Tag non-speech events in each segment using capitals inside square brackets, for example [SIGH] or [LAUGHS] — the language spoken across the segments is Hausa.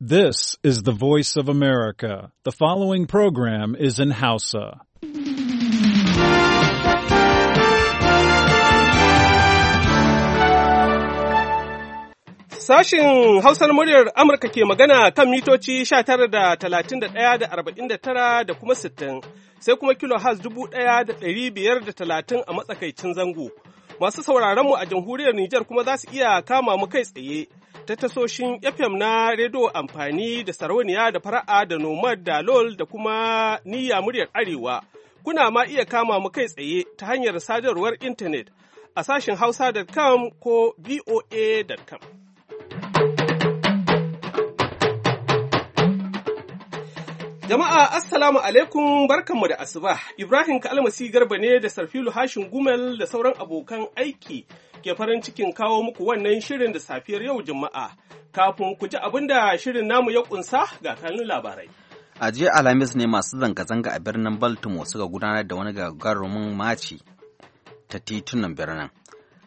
This is the voice of America. The following program is in Hausa. Sashin Hausar muryar Amurka ke magana kan mitoci 19 da da da kuma 60 sai kuma kilo has 1530 a matsakaicin zango. Masu sauraronmu a jamhuriyar Nijar kuma za su iya kama mu kai tsaye ta tasoshin FM na rediyo amfani da sarauniya da fara'a da nomad da lol da kuma niyya muryar arewa. Kuna ma iya kama mu kai tsaye ta hanyar sadarwar intanet a sashen hausa.com ko voa.com. Jama'a Assalamu alaikum barkanmu da asuba. Ibrahim Kalmasi Garba ne da Sarfilu Hashin Gumel da sauran abokan aiki ke farin cikin kawo muku wannan shirin da safiyar yau Juma'a. Kafin ku ji abin da shirin namu ya kunsa ga kanun labarai. A jiya Alhamis ne masu zanga-zanga a birnin Baltimore suka gudanar da wani gagarumin maci ta titunan birnin.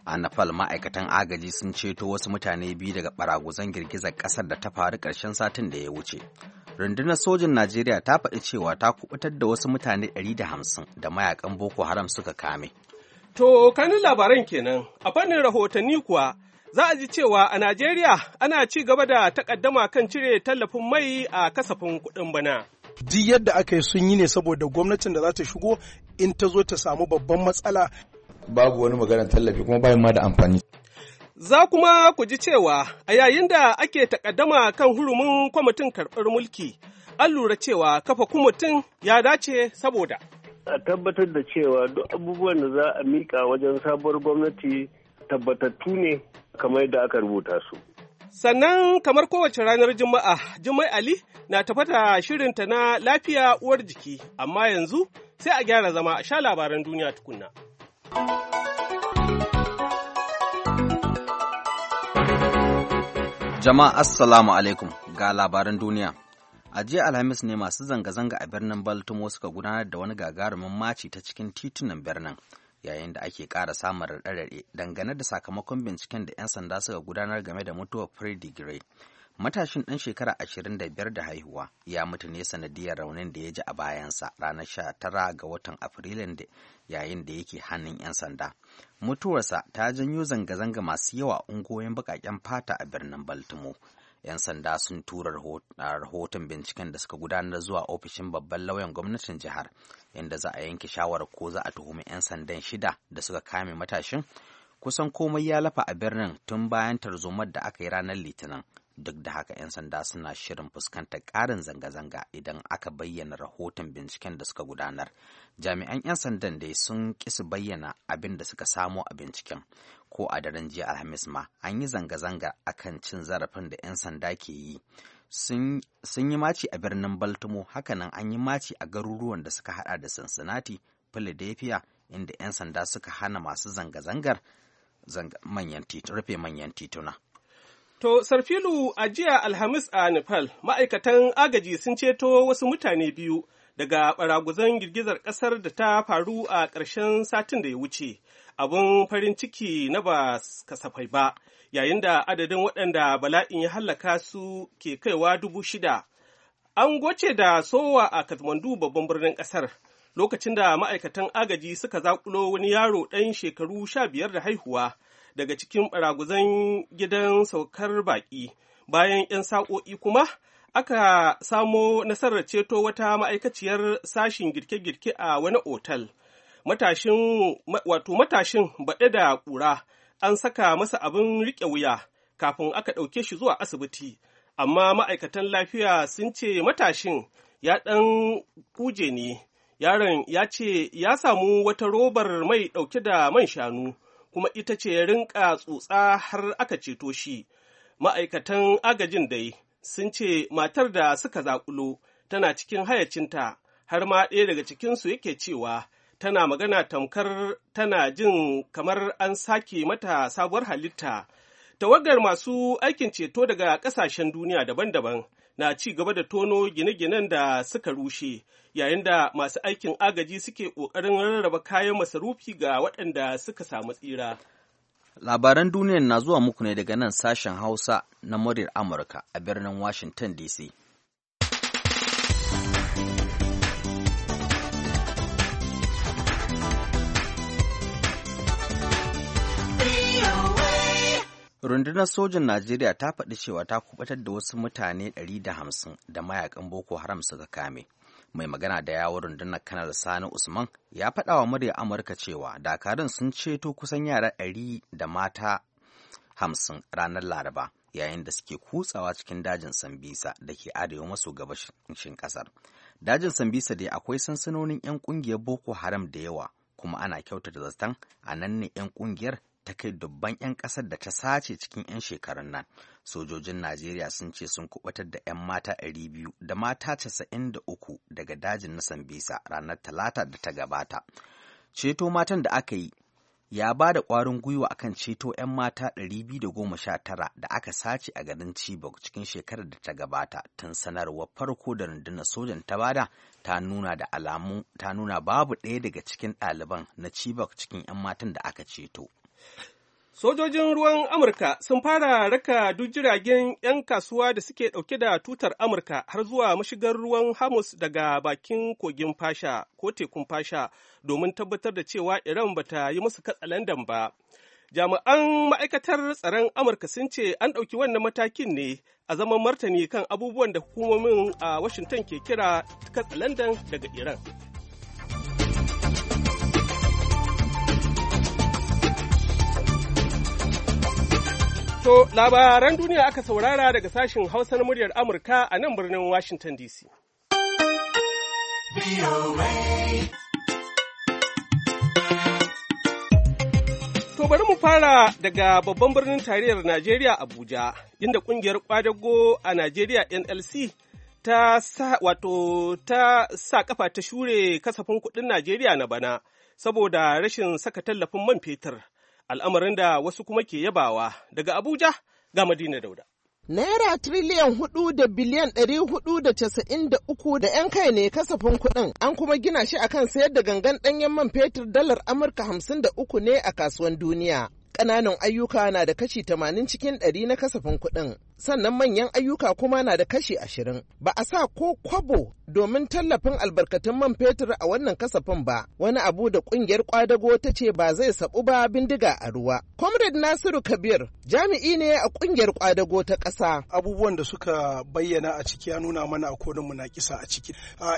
A Nepal ma'aikatan agaji sun ceto wasu mutane biyu daga baraguzan girgizar ƙasar da ta faru ƙarshen satin da ya wuce. rundunar sojin najeriya ta faɗi cewa ta kubutar da wasu mutane 150 da mayakan boko haram suka kame to kanin labaran kenan a fannin rahotanni kuwa za a ji cewa a najeriya ana ci gaba da takaddama kan cire tallafin mai a kasafin kuɗin bana duk yadda aka yi sun yi ne saboda gwamnatin da za ta shigo in ta zo ta samu babban matsala babu wani maganar tallafi kuma bayan ma da amfani Za kuma ku ji cewa a yayin da ake takaddama kan hurumin kwamitin karɓar mulki, an lura cewa kafa mutum ya dace saboda. A tabbatar da cewa duk abubuwan da za a miƙa wajen sabuwar gwamnati tabbatattu ne kamar da aka rubuta su. Sannan kamar kowace ranar Juma'a, Jummai Ali na tafata da shirinta na lafiya uwar jiki, amma yanzu sai a gyara zama a sha labaran duniya tukunna. Jama'a Assalamu alaikum ga labaran duniya. A jiya Alhamis ne masu zanga-zanga a birnin Baltimore suka gudanar da wani gagarumin maci ta cikin titunan birnin yayin da ake ƙara samun raɗe dangane da sakamakon binciken da 'yan sanda suka gudanar game da mutuwar Freddie Gray. matashin ɗan shekara ashirin da biyar da haihuwa ya mutu ne sanadiyar raunin da ya ji a bayansa ranar sha tara ga watan afrilun da yayin da yake hannun 'yan sanda mutuwarsa ta janyo zanga-zanga masu yawa ungoyin baƙaƙen fata a birnin baltimore 'yan sanda sun tura rahoton binciken da suka gudanar zuwa ofishin babban lauyan gwamnatin jihar inda za a yanke shawarar ko za a tuhumi 'yan sandan shida da suka kame matashin kusan komai ya lafa a birnin tun bayan tarzomar da aka yi ranar litinin duk da haka 'yan sanda suna shirin fuskantar ƙarin zanga-zanga idan aka bayyana rahoton binciken da suka gudanar jami'an 'yan sandan dai sun ƙi bayyana abin da suka samo a binciken ko a daren jiya alhamis ma an yi zanga-zanga kan cin zarafin da 'yan sanda ke yi sun yi maci a birnin baltimore hakanan an yi maci a garuruwan da suka hada da cincinnati philadelphia inda 'yan sanda suka hana masu zanga-zangar rufe manyan tituna To, Sarfilu a jiya Alhamis a Nepal, ma'aikatan agaji sun ceto wasu mutane biyu daga ɓaraguzan girgizar ƙasar da ta faru a ƙarshen satin da ya wuce. abin farin ciki na ba kasafai ba, yayin da adadin waɗanda bala'in ya hallaka su ke kaiwa dubu shida. An goce da sowa a Kathmandu babban birnin ƙasar, lokacin da ma'aikatan agaji suka zaƙulo wani yaro ɗan shekaru sha biyar da haihuwa daga cikin baraguzan gidan saukar baƙi bayan 'yan sa'o'i kuma aka samo nasarar ceto wata ma'aikaciyar sashin girke-girke a wani otal matashin wato matashin baɗe da ƙura an saka masa abin riƙe wuya kafin aka ɗauke shi zuwa asibiti amma ma'aikatan lafiya sun ce matashin ya ɗan kuje ne yaron ya ce ya samu wata robar mai ɗauke da man shanu kuma ita ce ya rinka tsutsa har aka ceto shi ma'aikatan agajin dai sun ce matar da suka zaƙulo tana cikin hayacinta har ma ɗaya daga cikinsu yake cewa tana magana tamkar tana jin kamar an sake mata sabuwar halitta tawagar masu aikin ceto daga ƙasashen duniya daban-daban na ci gaba da tono gine-ginen da suka rushe yayin da masu aikin agaji suke ƙoƙarin rarraba kayan masarufi ga waɗanda suka samu tsira. Labaran duniyar na zuwa muku ne daga nan sashen Hausa na muryar Amurka a birnin Washington DC. rundunar sojin najeriya ta faɗi cewa ta kubatar da wasu mutane 150 da mayakan boko haram suka kame mai magana da yawon rundunar kanar sani usman ya faɗa wa murya amurka cewa dakarun sun ceto kusan yara 100 da mata 50 ranar laraba yayin da suke kutsawa cikin dajin sambisa da ke arewa maso gabashin kasar dajin sambisa dai akwai sansanonin 'yan kungiyar boko haram da yawa kuma ana kyautata zaton a nan ne 'yan kungiyar ta kai dubban 'yan ƙasar da ta sace cikin 'yan shekarun nan sojojin najeriya sun ce sun kubatar da 'yan mata 200 da mata 93 daga dajin na sambisa ranar talata da ta gabata ceto matan da aka yi ya ba da ƙwarin gwiwa kan ceto 'yan mata 219 da aka sace a garin Chibok cikin shekarar da ta gabata tun sanarwar farko da rundunar sojan ta bada ta nuna da alamu ta nuna babu ɗaya daga cikin ɗaliban na Chibok cikin 'yan matan da aka ceto. Sojojin ruwan Amurka sun fara raka duk jiragen 'yan kasuwa da suke ɗauke da tutar Amurka har zuwa mashigar ruwan Hamus daga bakin kogin Fasha ko tekun Fasha domin tabbatar da cewa Iran ba ta yi musu katsalandan ba. jami'an ma'aikatar tsaron amurka sun ce an ɗauki wannan matakin ne a zaman martani kan abubuwan da hukumomin a washington ke kira katsalandan daga iran To labaran duniya aka saurara daga sashen Hausa na muryar Amurka a nan birnin Washington DC. To bari mu fara daga babban birnin tarayyar Najeriya Abuja, inda kungiyar kwadago a Najeriya NLC ta sa wato ta sa kafa ta shure kasafin kuɗin Najeriya na bana saboda rashin saka tallafin man fetur. al'amarin da wasu kuma ke yabawa daga Abuja ga Madina Dauda. Naira triliyan hudu da biliyan ɗari hudu da casa'in da uku da 'yan kai ne kasafin kuɗin an kuma gina shi akan sayar da gangan ɗanyen man fetur dalar Amurka hamsin da uku ne a kasuwan duniya. Ƙananan ayyuka na da kashi tamanin cikin 100 na kasafin kuɗin, sannan manyan ayyuka kuma na da kashi ashirin Ba a sa ko kwabo domin tallafin albarkatun man fetur a wannan kasafin ba, wani abu da ƙungiyar ƙwadago ta ce ba zai sabu ba bindiga a ruwa. Comrade Nasiru Kabir jami'i ne a ƙungiyar ƙwadago ta ƙasa. Abubuwan da suka bayyana a ciki ya nuna mana a mu na kisa a ciki.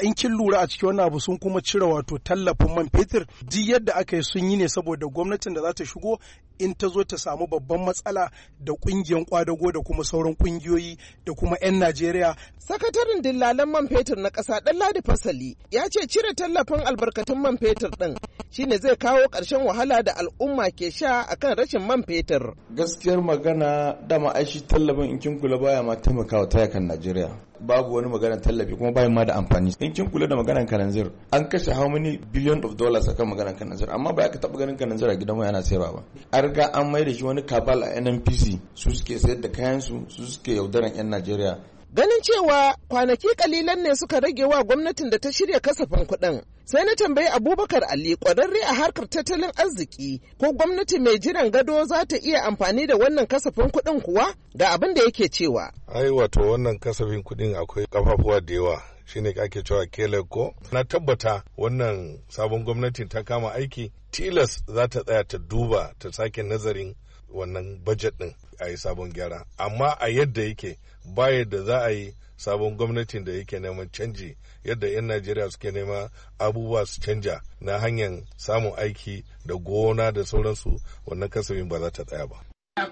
In kin lura a ciki wannan abu sun kuma cire wato tallafin man fetur duk yadda aka yi sun yi ne saboda gwamnatin da za ta shigo in ta zo ta samu babban matsala da kungiyan kwadago da kuma sauran kungiyoyi da kuma 'yan Najeriya. Sakataren dillalan man fetur na ƙasa ɗan Ladi Fasali ya ce cire tallafin albarkatun man fetur ɗin shine zai kawo ƙarshen wahala da al'umma ke sha akan rashin man fetur. Gaskiyar magana da ma'aishi tallafin in kin kula baya ma taimakawa ta yakan Najeriya. babu wani maganar tallafi kuma bayan ma da amfani in kin kula da maganar kananzir an kashe how many billion of dollars akan maganar kananzir amma ba ka taba ganin kananzir a gidan mai ana sayarwa ba an riga an mai da shi wani kabal a NNPC su suke sayar da kayan su su suke yaudaran yan Najeriya Ganin cewa kwanaki kalilan ne suka rage wa gwamnatin da ta shirya kasafin kuɗin. Sai na tambayi Abubakar Ali ƙwararre a harkar tattalin arziki ko gwamnati mai jiran gado za ta iya amfani da wannan kasafin kuɗin kuwa ga abin da yake cewa. Ai wato wannan kasafin kuɗin akwai kafafuwa da yawa shine ake cewa kele ko na tabbata wannan sabon gwamnatin ta kama aiki tilas za ta tsaya ta duba ta sake nazarin wannan bajet din a yi sabon gyara amma a yadda yake ba yadda za a yi sabon gwamnatin da yake neman canji yadda 'yan najeriya suke nema abubuwa su canja na hanyar samun aiki da gona da sauransu wannan kasafin ba za ta tsaya ba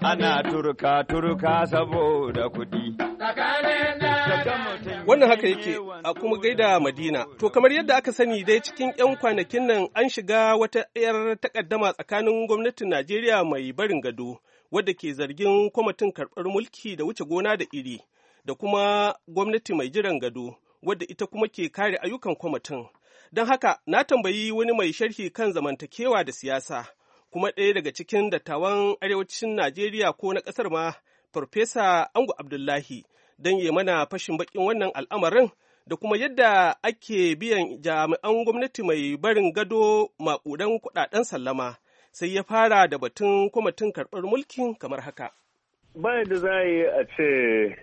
ana turka turka saboda kuɗi Wannan haka yake a kuma gaida Madina. To kamar yadda aka sani dai cikin 'yan kwanakin nan an shiga wata 'yar takaddama tsakanin gwamnatin Najeriya mai barin gado wadda ke zargin kwamitin karɓar mulki da wuce gona da iri da kuma gwamnati mai jiran gado wadda ita kuma ke kare ayyukan kwamitin don haka na tambayi wani mai sharhi kan zamantakewa da siyasa kuma ɗaya daga cikin dattawan arewacin najeriya ko na ƙasar ma farfesa ango abdullahi don ya mana fashin bakin wannan al'amarin da kuma yadda ake biyan jami'an gwamnati mai barin gado maƙudan kuɗaɗen sallama sai ya fara da batun kwamitin karɓar mulkin kamar haka. Ba da za a yi a ce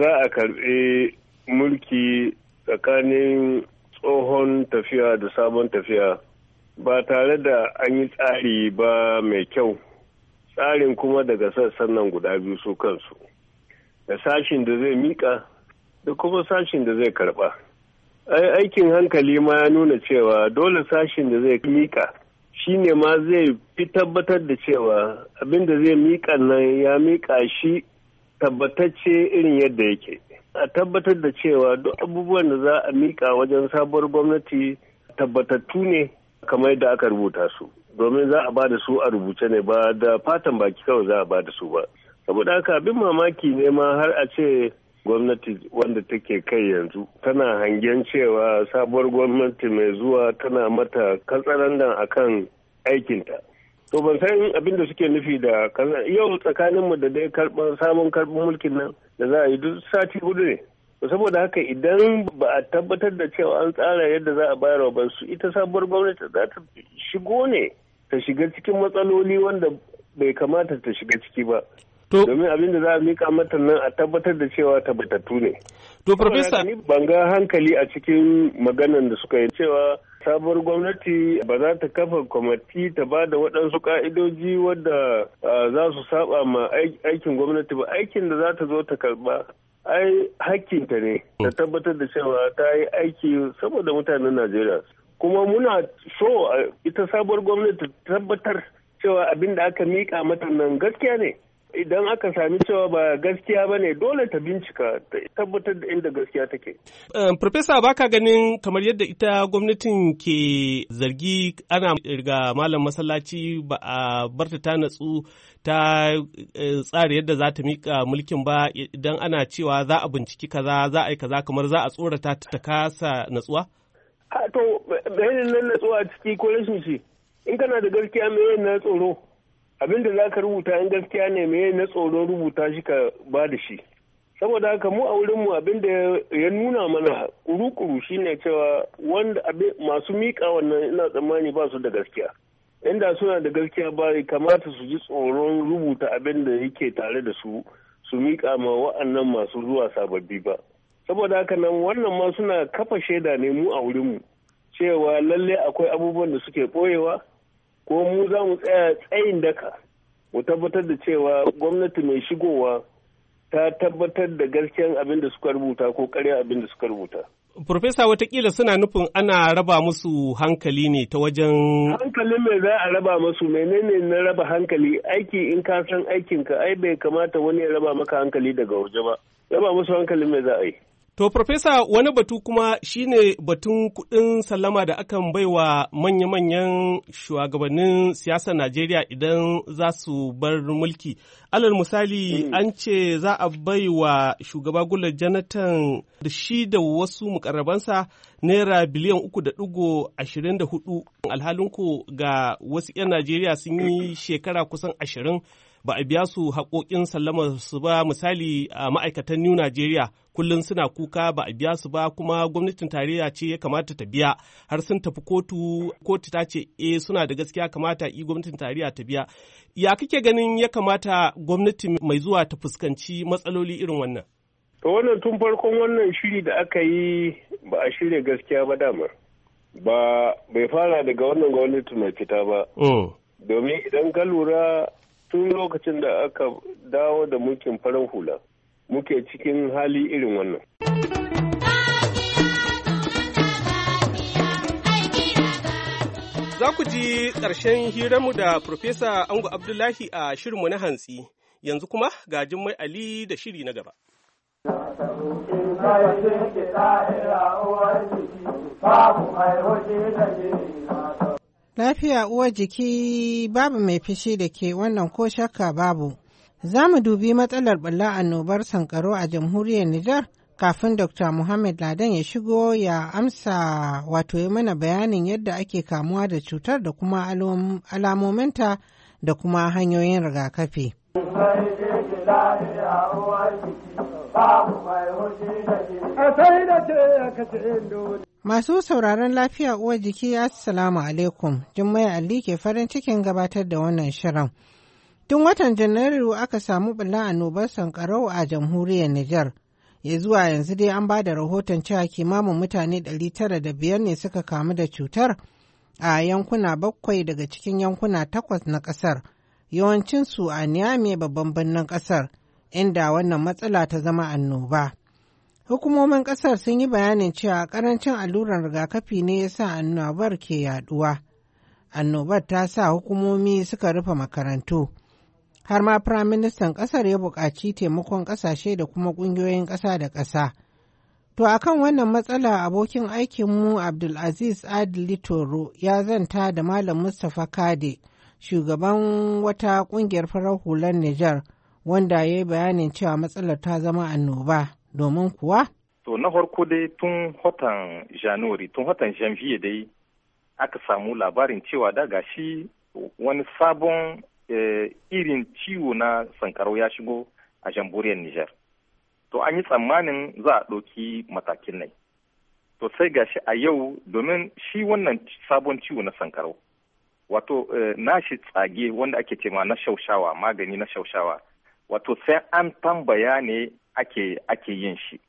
za a karɓi mulki tsakanin tsohon tafiya da sabon tafiya ba tare da an yi tsari ba mai kyau tsarin kuma daga sassan nan guda biyu su kansu da sashin da zai mika da kuma sashin da zai karɓa. ai aikin hankali ma ya nuna cewa dole sashin da zai mika shi ne ma zai fi tabbatar da cewa abinda zai miƙa nan ya miƙa shi tabbatacce irin yadda yake a tabbatar da cewa duk abubuwan da za a miƙa wajen sabuwar gwamnati tabbatattu ne kamar da aka rubuta su domin za a ba da su a rubuce ne ba da fatan baki kawai za a ba da su ba saboda haka abin mamaki ne ma har a ce gwamnati wanda take kai yanzu tana hangen cewa sabuwar gwamnati mai zuwa tana mata katsalandan kan aikinta to ban san abin da suke nufi da yau tsakaninmu da dai karban samun karɓar mulkin nan da za a yi duk sati hudu ne saboda haka idan ba a tabbatar da cewa an tsara yadda za a bayarwa ba su ita sabuwar gwamnati za ta shigo ne ta shiga cikin matsaloli wanda bai kamata ta shiga ciki ba domin abin da za a mika mata nan a tabbatar da cewa tabbatattu ne to Profesa. ni ban hankali a cikin maganan da suka yi cewa sabuwar gwamnati ba za ta kafa kwamiti ta ba da waɗansu ƙa'idoji wadda za su saba ma aikin gwamnati ba aikin da za ta zo ta karba ai hakkinta ne ta tabbatar da cewa ta yi aiki saboda mutanen najeriya kuma muna so ita sabuwar gwamnati tabbatar cewa abin da aka mika mata nan gaskiya ne idan aka sami cewa ba gaskiya ba ne dole ta bincika ta tabbatar da inda gaskiya take. Farfesa eh, baka ganin kamar yadda ita gwamnatin ke zargi ana riga malam masallaci ba a barta ta natsu ta eh, tsara yadda za ta miƙa mulkin ba idan ana cewa za a binciki kaza za a yi kaza kamar za a tsorata ta kasa natsuwa? To, bayanin nan natsuwa ciki ko rashin shi, in kana da gaskiya me na tsoro. abin da za ka rubuta in gaskiya ne me na tsoron rubuta shi ka ba da shi saboda haka mu a wurinmu abin da ya nuna mana kuru-kuru shi ne cewa wanda masu miƙa wannan ina tsammani ba su da gaskiya inda suna da gaskiya ba kamata su ji tsoron rubuta abin da yake tare da su su miƙa ma wa'annan masu zuwa sababbi ba saboda haka nan wannan ma suna kafa shaida ne mu a wurinmu cewa lalle akwai abubuwan da suke ɓoyewa ko mu za mu tsaya tsayin daka mu tabbatar da cewa gwamnati mai shigowa ta tabbatar da gaskiyan abin da suka rubuta ko karya abin da suka rubuta. Profesa watakila suna nufin ana raba musu hankali ne ta wajen... Hankali mai za a raba musu menene na raba hankali aiki in ka san aikinka ai bai kamata wani ya raba maka hankali daga waje ba. Raba musu hankali mai za a yi. To, Profesa, wani batu kuma shine batun kuɗin sallama da akan baiwa manya-manyan shugabannin siyasar Najeriya idan za su bar mulki. Alal misali, mm. an ce za a baiwa shugaba Gula Jonathan da shi da wasu mukarrabansa naira biliyan uku da ɗigo ashirin da hudu alhalinku ga wasu 'yan Najeriya sun yi shekara kusan ashirin ba a biya su haƙoƙin sallamar su ba misali a ma'aikatan New Nigeria kullum suna kuka ba a biya su ba kuma gwamnatin tarayya ce ya kamata ta biya har sun tafi kotu kotu ta ce e suna da gaskiya kamata i gwamnatin tarayya ta biya ya kake ganin ya kamata gwamnati mai zuwa ta fuskanci matsaloli irin wannan to wannan tun farkon wannan shiri da aka yi ba a shirya gaskiya ba dama ba bai fara daga wannan gwamnati mai fita ba mm. domin idan ka lura tun lokacin da aka dawo da mulkin farin hula muke cikin hali irin wannan. Za ku ji ƙarshen hirarmu da Profesa Ango Abdullahi a shirinmu na hantsi, yanzu kuma ga Jummai Ali da shiri na gaba. Babu mai da Lafiya uwar jiki babu mai fishi da ke wannan ko shakka babu. Za mu dubi matsalar Bala annobar sankaro a jamhuriyar Nijar kafin Dr. Muhammad Ladan ya shigo ya amsa wato ya mana bayanin yadda ake kamuwa da cutar da kuma alamominta da kuma hanyoyin rigakafi. Masu sauraron lafiya uwar jiki Assalamu alaikum, Jummai Ali ke farin cikin gabatar da wannan shirin. Tun watan Janairu aka samu bala annobar sankarau a jamhuriyar Nijar. Ya zuwa yanzu dai an ba da rahoton cewa kimamin mutane 905 ne suka kamu da cutar a yankuna bakwai daga cikin yankuna takwas na ƙasar, yawancinsu a Niamey babban birnin ƙasar. inda wannan matsala ta zama annoba. Hukumomin ƙasar sun yi bayanin cewa ƙarancin alluran rigakafi ne ya sa annobar ke yaɗuwa. Annobar ta sa hukumomi suka rufe makarantu. Har ma firaministan ƙasar ya buƙaci taimakon ƙasashe da kuma ƙungiyoyin ƙasa da ƙasa. To a kan wannan matsala abokin aikinmu Abdulaziz Adili Toro ya zanta da Malam Mustapha Kade, shugaban wata ƙungiyar farar hular Nijar. wanda ya yi bayanin cewa matsalar ta zama annoba domin kuwa to na farko dai tun watan januari tun watan janvier dai aka samu labarin cewa da gashi wani sabon eh, irin ciwo na sankarau ya shigo a jamhuriyar nijar to an yi tsammanin za a ɗauki matakin nai to sai gashi a yau domin shi wannan sabon ciwo na sankarau wato eh, nashi tsage wanda ake ce ma na shaushawa magani na shaushawa wato sai an tambaya ne ake ake yin shi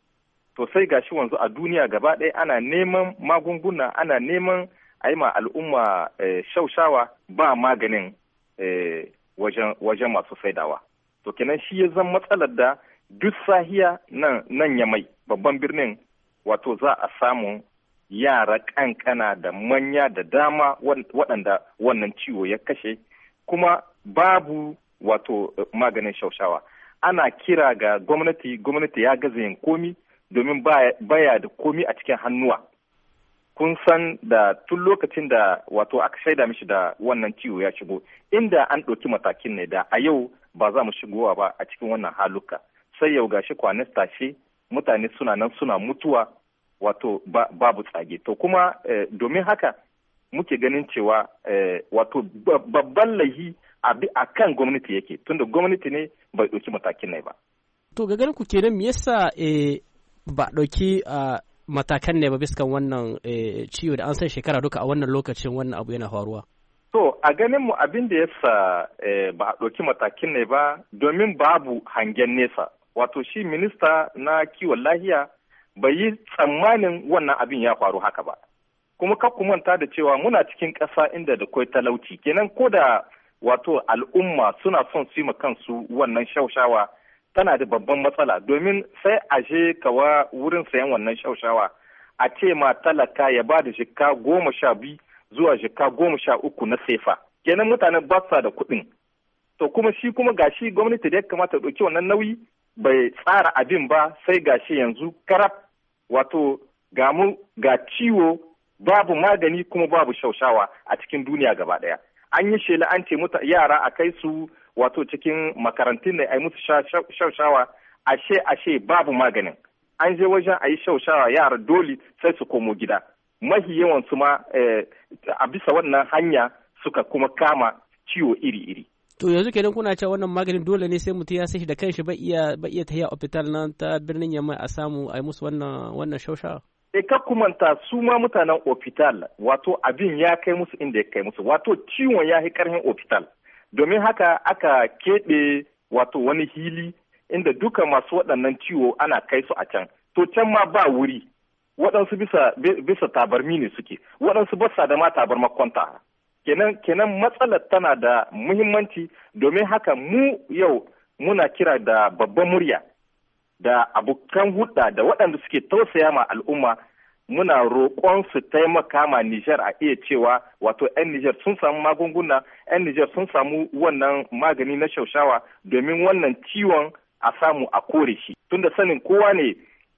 to sai gashi wanzu a duniya gaba ɗaya ana neman magunguna ana neman a yi ma al'umma eh, shaushawa ba maganin eh, wajen masu saidawa to kenan shi ya zan matsalar da duk sahiya nan ya mai babban birnin wato za a samu yara kankana da manya da dama waɗanda wannan ciwo ya kashe kuma babu wato maganin shaushawa ana kira ga gwamnati gwamnati ya gaza yin komi domin baya da komi a cikin hannuwa kun san da tun lokacin da wato aka shaida mishi da wannan ciwo ya shigo inda an ɗauki matakin ne da a yau ba za mu shigowa ba a cikin wannan haluka sai yau gashi kwanis tashi mutane suna nan suna mutuwa wato babu tsage to kuma eh, domin haka muke ganin cewa eh, wato babban lahi. a kan gwamnati yake tunda gwamnati ne bai ɗauki matakin nai ba. To ga ganin ku kenan me yasa eh, ba ɗauki matakan ne ba kan wannan eh, ciwo da an san shekara duka a wannan lokacin wannan abu yana faruwa? To a ganin mu abin da yasa eh, ba a ɗauki matakin ne ba domin babu hangen nesa. Wato shi minista na kiwon lahiya bai yi tsammanin wannan abin ya faru haka ba. Kuma ka manta da cewa muna cikin ƙasa inda da kwai talauci kenan ko da wato al'umma suna son su kansu wannan shaushawa tana da babban matsala domin sai a je kawa wurin sayan wannan shaushawa a ce ma talaka ya ba da jika goma sha biyu zuwa jika goma sha uku na sefa kenan mutanen ba sa da kuɗin to kuma shi kuma gashi gwamnati da ya kamata ɗauki wannan nauyi bai tsara abin ba sai gashi yanzu karab wato ga ga ciwo babu magani kuma babu shaushawa a cikin duniya gaba ɗaya an yi shela an ce mutu yara a kai su wato cikin makarantun ne a yi musu shaushawa ashe ashe babu maganin an je wajen a yi shaushawa yara dole sai su komo gida mahi yawan su ma eh, a bisa wannan hanya suka kuma kama ciwo iri-iri to yanzu kenan kuna cewa wannan maganin dole ne sai mutum ya sai shi da kanshi ba iya ba iya a hospital nan ta birnin yamma a samu a yi musu wannan wannan shaushawa e eh, ka kumanta su ma mutanen opital wato abin ya kai musu inda ya kai musu wato ciwon ya yi karhin ofital domin haka aka keɓe wato wani hili inda duka masu waɗannan ciwo ana kai su a can to can ma ba wuri waɗansu bisa bisa tabarmi ne suke waɗansu basa da ma tabarma kwanta kenan kenan matsalar tana da muhimmanci domin haka mu yau muna kira da babban murya da abokan hudda da waɗanda suke tausaya ma al'umma muna roƙon su taimaka ma Nijar a iya cewa wato 'yan Nijar sun samu magunguna 'yan Nijar sun samu wannan magani na shaushawa domin wannan ciwon a samu a kore shi tunda sanin kowa ne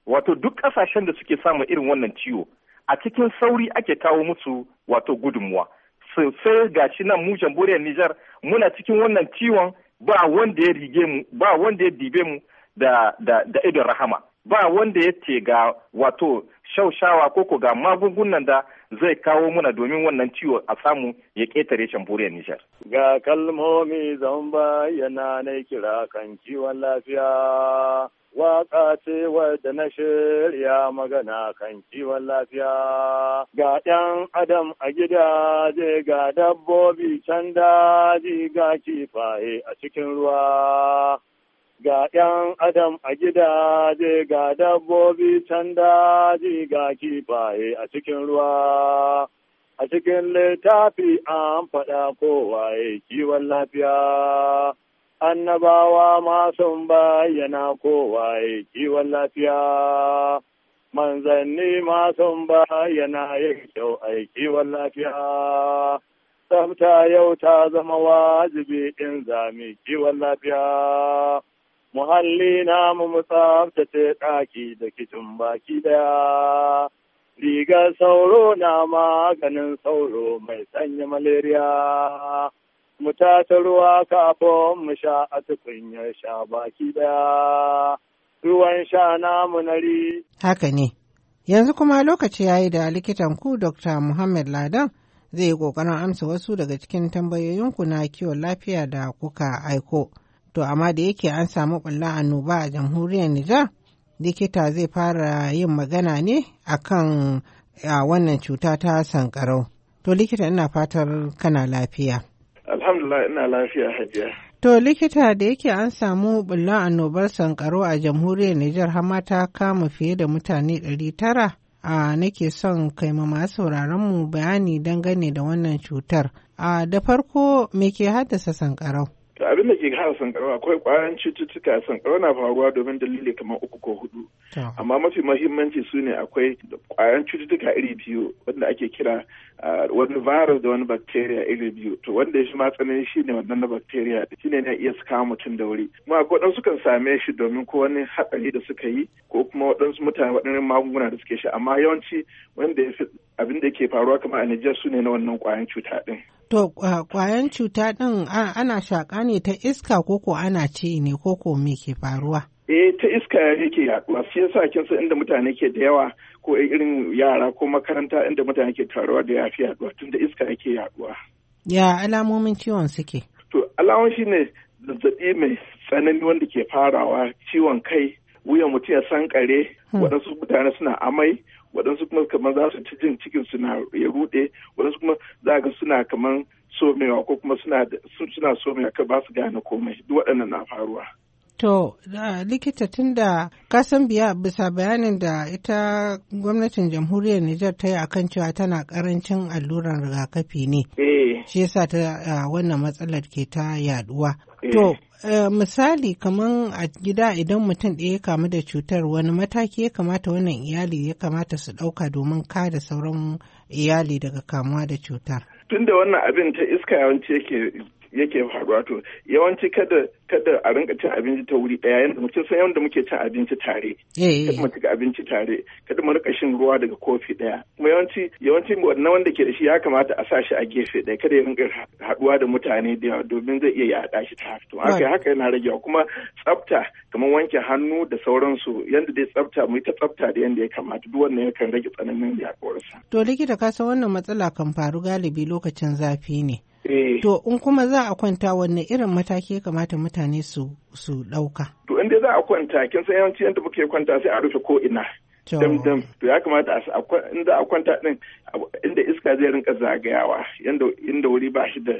wato duk ƙasashen da suke samun irin wannan ciwo a cikin sauri ake kawo musu wato gudunmuwa sai ga shi nan mu jamhuriyar Nijar muna cikin wannan ciwon ba wanda ya rige mu ba wanda ya dibe mu da, da, da idon rahama ba wanda ya ce ga wato shaushawa ko ga magungunan da zai kawo muna domin wannan ciwo a samu ya ƙetare buriyar Nijar. Ga kalmomi zan bayyana na kira kan kiwon lafiya, waƙa ce wadda na shirya magana kan kiwon lafiya. Ga ɗan adam a gida zai ga dabbobi can daji ga kifaye a cikin ruwa. ga ‘yan adam a gidaje ga dabbobi can daji ga kifaye a cikin ruwa. A cikin littafi an faɗa kowaye kiwon lafiya, annabawa ma sun bayyana kowaye kiwon lafiya, manzanni ma sun bayyana yin kyau a kiwon lafiya. Tsafta yau ta zama wajibi in zami kiwon lafiya. muhalli na mu tsaftace ɗaki da kicin baki daya. Rigar sauro na maganin sauro mai sanya malaria. Mu tata ruwa kafin mu sha a tukunyar sha baki daya. Ruwan sha mu nari. Haka ne, yanzu kuma lokaci ya yi da likitan ku Dr. Muhammad Ladan zai yi ƙoƙarin amsa wasu daga cikin tambayoyinku na kiwon lafiya da kuka aiko. to amma da yake an samu ɓulla annoba a jamhuriyar Nijar likita zai fara yin magana ne akan wannan cuta ta sankarau. To likita ina fatar kana lafiya. Alhamdulillah ina lafiya hajiya. To likita da yake an samu bulla annobar sankarau a jamhuriyar Nijar har ma ta kama fiye da mutane ɗari tara. a nake son kaima masu mu bayani dangane da wannan cutar. A da farko me ke haddasa sankarau? To abin da ke kara sankarau akwai kwayan cututtuka sankarau na faruwa domin dalili kamar uku ko hudu. Amma mafi mahimmanci su ne akwai kwayan cututtuka iri biyu wanda ake kira ah, wani virus da wani bacteria iri biyu. To wanda shi ma tsanani shi ne wannan na bacteria shi ne na iya saka mutum da wuri. Kuma akwai waɗansu kan same shi domin ko wani hatsari da suka yi ko kuma waɗansu mutane waɗannan magunguna da suke shi amma yawanci wanda ya fi abin da ke faruwa kamar a Nijar su ne na wannan kwayan cuta ɗin. To kwayan cuta ɗin ana shaƙa ne ta iska koko ana ci ne koko me ke faruwa? Eh ta iska yake yaɗuwa, shi yasa kin san inda mutane ke da yawa ko irin yara ko makaranta inda mutane ke taruwa da yafi yaduwa tunda iska yake yaduwa. Ya alamomin ciwon suke? To alamomin shine zazzabi mai tsanani wanda ke farawa ciwon kai wuyan mutum ya sankare hmm. waɗansu mutane suna amai waɗansu kuma kamar za su ci jin cikin suna ya rude waɗansu kuma za ga suna kamar somewa ko kuma suna somewa ka ba su gane komai duk waɗannan na faruwa. To, likita tun da kasan biya bisa bayanin da ita gwamnatin jamhuriyar Nijar ta yi akan cewa tana karancin allurar rigakafi ne. Eh. Shi yasa ta wannan matsalar ke ta yaduwa. To, eh. Eh, misali kaman a gida idan mutum ɗaya ya kamu da cutar wani mataki ya kamata wannan iyali ya kamata su ɗauka domin kada sauran iyali daga kamuwa da cutar. Tunda wannan abin ta iska yawanci yake yake faruwa to yawanci kada kada a rinka cin abinci ta wuri daya yanda mutum san yanda muke cin abinci tare eh, eh, kada mu eh. cika abinci tare kada mu rika shin ruwa daga kofi daya kuma yawanci yawanci wannan wanda ke da shi ya kamata a sa shi a gefe daya kada ya rinka haɗuwa da mutane da yawa domin zai iya yada shi ta to haka haka yana ragewa kuma tsafta kamar wanke hannu da sauransu yanda dai tsafta mu ta tsafta da yanda ya kamata duk wannan yakan rage tsananin yaƙuwarsa. to likita ka san wannan matsala kan faru galibi lokacin zafi ne Eh. To in kuma za a kwanta wanne irin mataki ya kamata mutane su su ɗauka? To in dai za a kwanta kin san yawanci yadda muke kwanta sai a rufe ko ina. Dam dam to ya kamata in a kwanta din inda iska zai rinka zagayawa inda wuri ba shi da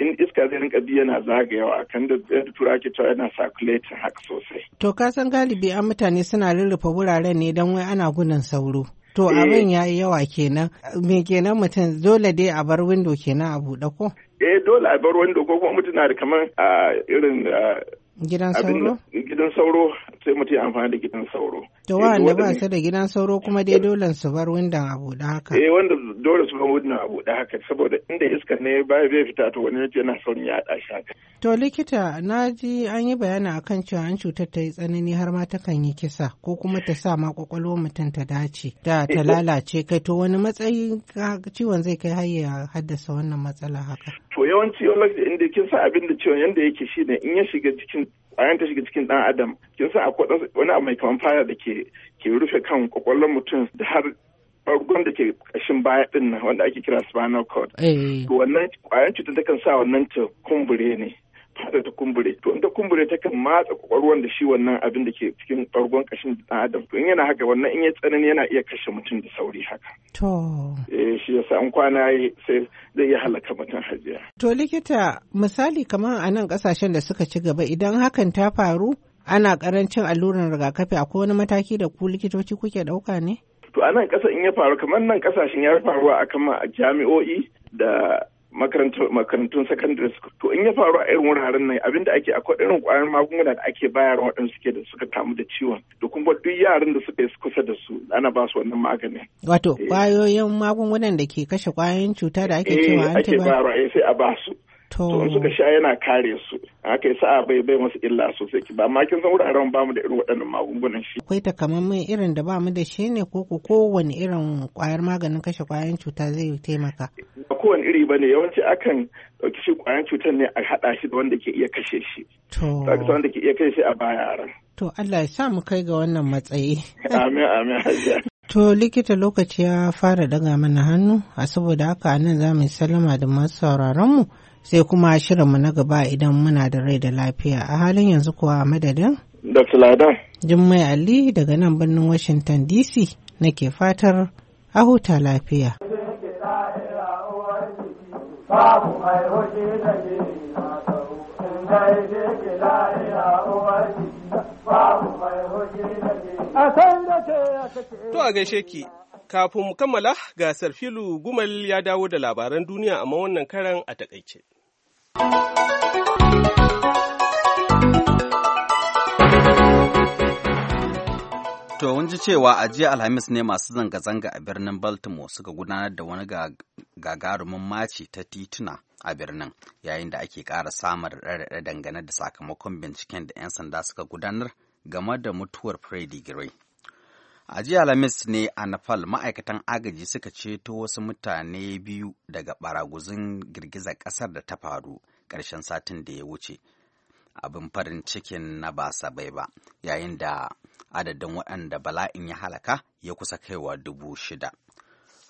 in iska zai rinka bi yana zagayawa kan da yadda tura ke cewa yana circulating haka sosai. To ka san galibi an mutane suna rurrufe wuraren ne don wai ana gunan sauro. To eh. abin ya yi yawa kenan. Me kenan mutum dole dai a bar windo kenan a buɗe ko? Eh dole a bar windo ko kuma mutum na da kamar a ah, irin ah, Gidan sauro? Gidan sauro sai mutum ya amfani da gidan sauro. To eh, wanda ba su da gidan sauro kuma dai dole su bar windan a buɗe haka. Eh wanda dole su bar windan a buɗe haka saboda inda iska ne ba zai fita to wani yake yana son ya da shi haka. To likita na ji an yi bayani akan cewa an cutar ta yi tsanani har ma ta kan yi kisa ko kuma ta sa ma kwakwalwar mutum ta dace da eh, ta eh. lalace kai to wani matsayi ciwon zai kai har ya haddasa wannan matsala haka. To yawanci yawanci inda kin sa abin da ciwon yanda yake shine in ya shiga cikin bayan ta shiga cikin dan adam kin san akwai wani abu mai kaman fara da ke ke rufe kan kwakwalwar mutum da har bargon da ke kashin baya din nan wanda ake kira spinal cord eh. wannan kwayan cutar takan sa wannan ta kumbure ne kada ta kumbure to in ta kumbure ta kan matsa kwakwalwan da shi wannan abin da ke cikin ɓargon kashin dan adam to in yana haka wannan in ya tsanani yana iya kashe mutum da sauri haka to eh shi yasa an kwana sai zai iya halaka mutum hajiya to likita misali kamar a nan kasashen da suka ci gaba idan hakan ta faru ana karancin alluran rigakafi akwai wani mataki da ku likitoci kuke ɗauka ne to a nan kasa in ya faru kamar nan kasashen ya faruwa akan a jami'o'i da makarantun secondary school to in ya faru a irin wuraren nan abin da ake akwai irin kwayar magunguna da ake bayar waɗanda suke da suka kamu da ciwon da kuma duk yaran da suka yi kusa da su ana ba su wannan maganin wato kwayoyin eh. magungunan da ke kashe kwayoyin cuta da ake cewa antibiotics eh, ake bayarwa eh, sai a ba su to in suka sha yana kare su haka yasa a bai bai masu illa sosai ki ba ma kin san wuraren bamu da irin waɗannan magungunan shi akwai takamaiman irin da bamu da shi ne ko ko kowane irin ƙwayar maganin kashe kwayan cuta zai taimaka ba kowane iri ba ne yawanci akan ɗauki shi ƙwayan cutar ne a haɗa shi da wanda ke iya kashe shi to wanda ke iya kashe shi a baya ran to Allah ya sa mu kai ga wannan matsayi [LAUGHS] amin amin hajiya To likita lokaci ya fara daga mana hannu, a saboda haka nan za mu salama da masu sauraronmu. mu. sai kuma shirinmu na gaba idan muna da rai da lafiya a halin yanzu kuwa madadin? Dr. Ladan. Jummai Ali daga nan birnin Washington DC nake fatar a huta lafiya. Babu mai To a gaishe ki, kafin mu kammala gasar filu gumal ya dawo da labaran duniya amma wannan karan a takaice. To, wani ji cewa a jiya Alhamis ne masu zanga-zanga a birnin Baltimore suka gudanar da wani gagarumin maci ta tituna a birnin, yayin da ake ƙara samun raɗaɗa dangane da sakamakon binciken da 'yan sanda suka gudanar game da mutuwar Freddie Gray. A jiya Lamis ne a Nepal ma'aikatan agaji suka ceto wasu mutane biyu daga baraguzin girgizar ƙasar da ta faru ƙarshen satin da ya wuce. Abin farin cikin na ba bai ba, yayin da adadin waɗanda bala'in ya halaka ya kusa kaiwa dubu shida.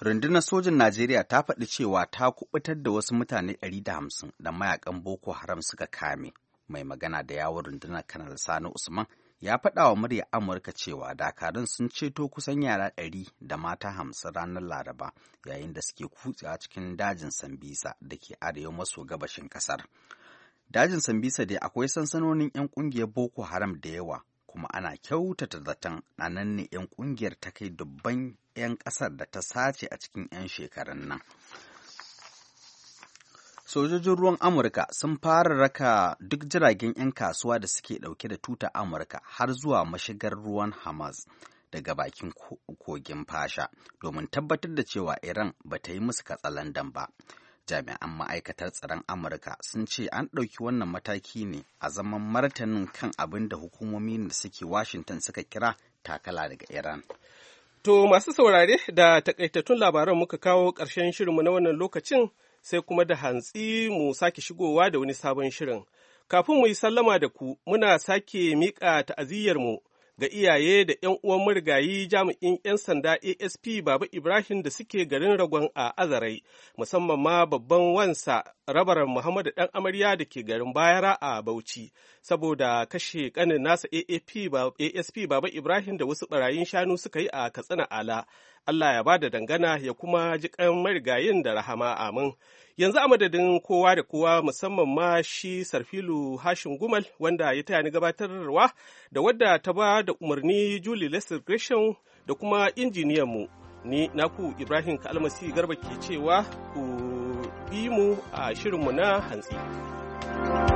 Rundunar sojin Najeriya ta faɗi cewa ta kubutar da wasu mutane 150 da mayakan Boko Haram suka kame. Mai magana da yawon rundunar kanar Sani Usman ya faɗa wa murya Amurka cewa dakarun sun ceto kusan yara ɗari da mata hamsin ranar Laraba yayin da suke kutsewa cikin dajin Sambisa da ke arewa maso gabashin ƙasar. Dajin Sambisa dai akwai sansanonin 'yan ƙungiyar Boko Haram da yawa kuma ana kyautata zaton a nan ne 'yan ƙungiyar ta kai dubban 'yan ƙasar da ta sace a cikin 'yan shekarun nan. sojojin ruwan amurka sun fara raka duk jiragen 'yan kasuwa da suke ɗauke da tuta amurka har zuwa mashigar ruwan hamas daga bakin kogin fasha domin tabbatar da cewa iran ba ta yi musu katsalandan ba jami'an ma'aikatar tsaron amurka sun ce an ɗauki wannan mataki ne a zaman martanin kan abin da hukumomin da suke washington suka kira takala daga iran to masu saurare da takaitattun labaran muka kawo ƙarshen shirinmu na wannan lokacin sai kuma da hantsi mu sake shigowa da wani sabon shirin. Kafin mu yi sallama da ku, muna sake miƙa ta'aziyyarmu ga iyaye da 'yan uwan marigayi jami'in 'yan sanda asp baba ibrahim da suke garin ragon a azarai musamman ma babban wansa rabar muhammadu dan amarya da ke garin bayara a bauchi saboda kashe kanin nasa asp baba ibrahim da wasu barayin shanu suka yi a katsina ala allah ya bada dangana ya kuma ji kan marigayin da rahama amin Yanzu a madadin kowa da kowa musamman ma shi Sarfilu Hashin Gumal wanda ya taya ni gabatarwa da wadda ta ba da umarni Julie Lester Gresham da kuma mu Ni naku Ibrahim Kalmasi Garba ke cewa ku bi mu a shirinmu na hantsi.